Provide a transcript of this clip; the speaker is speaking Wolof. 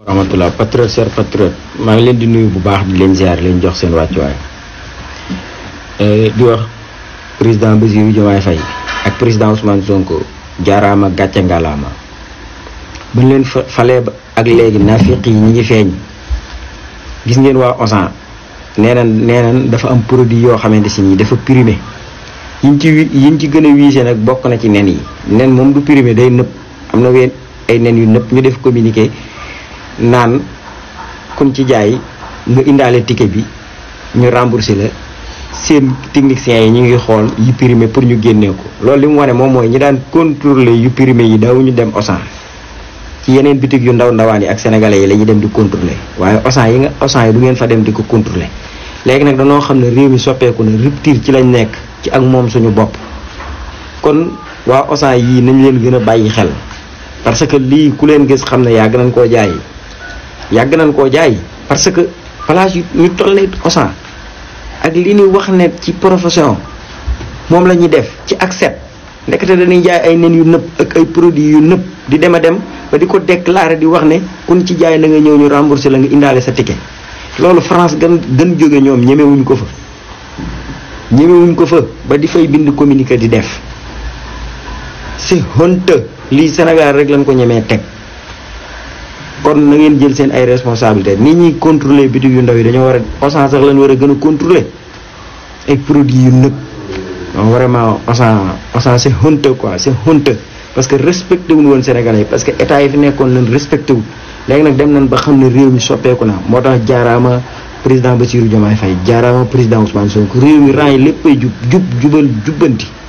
rahmatullah patriote cher patriote maa ngi leen di nuyu bu baax di leen ziar leen jox seen wàccuwaay eh, di wax président Bassirou Diomaye Faye ak président Ousmane Sonko jaaraama gàcce ngalaama buñ leen fale ba ak léegi nafiq yi ñi ngi feeñ gis ngeen waa Osan nee na nee na dafa am produit yoo xamante si nii dafa primé yiñ ci yiñ ci gën a wiise nag bokk na ci nen yi nen moom du primé day nëpp am na ween ay nen yu nëpp ñu def communiqué naan kun ci jaay nga indaale ticket bi ñu remboursé la seen techniciens yi ñu ngi xool yu périmé pour ñu génnee ko loolu li mu ne moom mooy ñi daan contrôler yu périmé yi daawuñu dem Auchan ci yeneen bitig yu ndaw ndawaan yi ak sénégalais yi la ñuy dem di contrôler waaye Auchan yi nga Auchan yi du ngeen fa dem di ko contrôler léegi nag danoo xam ne réew mi soppeeku na rupture ci lañ nekk ci ak moom suñu bopp kon waa Auchan yii nañ leen gën a bàyyi xel parce que lii ku leen gis xam ne yàgg nañ koo jaay yàgg nañ koo jaay parce que place yu ñu tollee Auchan ak li ñuy wax ne ci profession moom la ñuy def ci ak set ndekete dañuy jaay ay nen yu nëpp ak ay produits yu nëpp di dem a dem ba di ko déclarer di wax ne kun ci jaay na nga ñëw ñu rembourser la nga indaale sa ticket loolu France gën gën jóge ñoom ñemewuñ ko fa ñemewuñ ko fa ba di fay bind communiqué di def c'est honteux lii Sénégal rek lañ ko ñemee teg kon na ngeen jël seen ay responsabilité nit ñi contrôler bitig yu ndaw yi dañoo war a Auchan sax lañ war a gën a contrôler ay produits yu nëb donc vraiment Auchan Auchan c'est honteux quoi c'est honteux parce que respecté wuñ woon Sénégalais yi parce que état yi fi nekkoon leen respecté wu léegi nag dem nañ ba xam ne réew mi soppeeku na moo tax jaaraama président ba Bassirou Diomaye Faye jaaraama président Ousmane Sonko réew mi rang yi lépp ay jub jubal jubbanti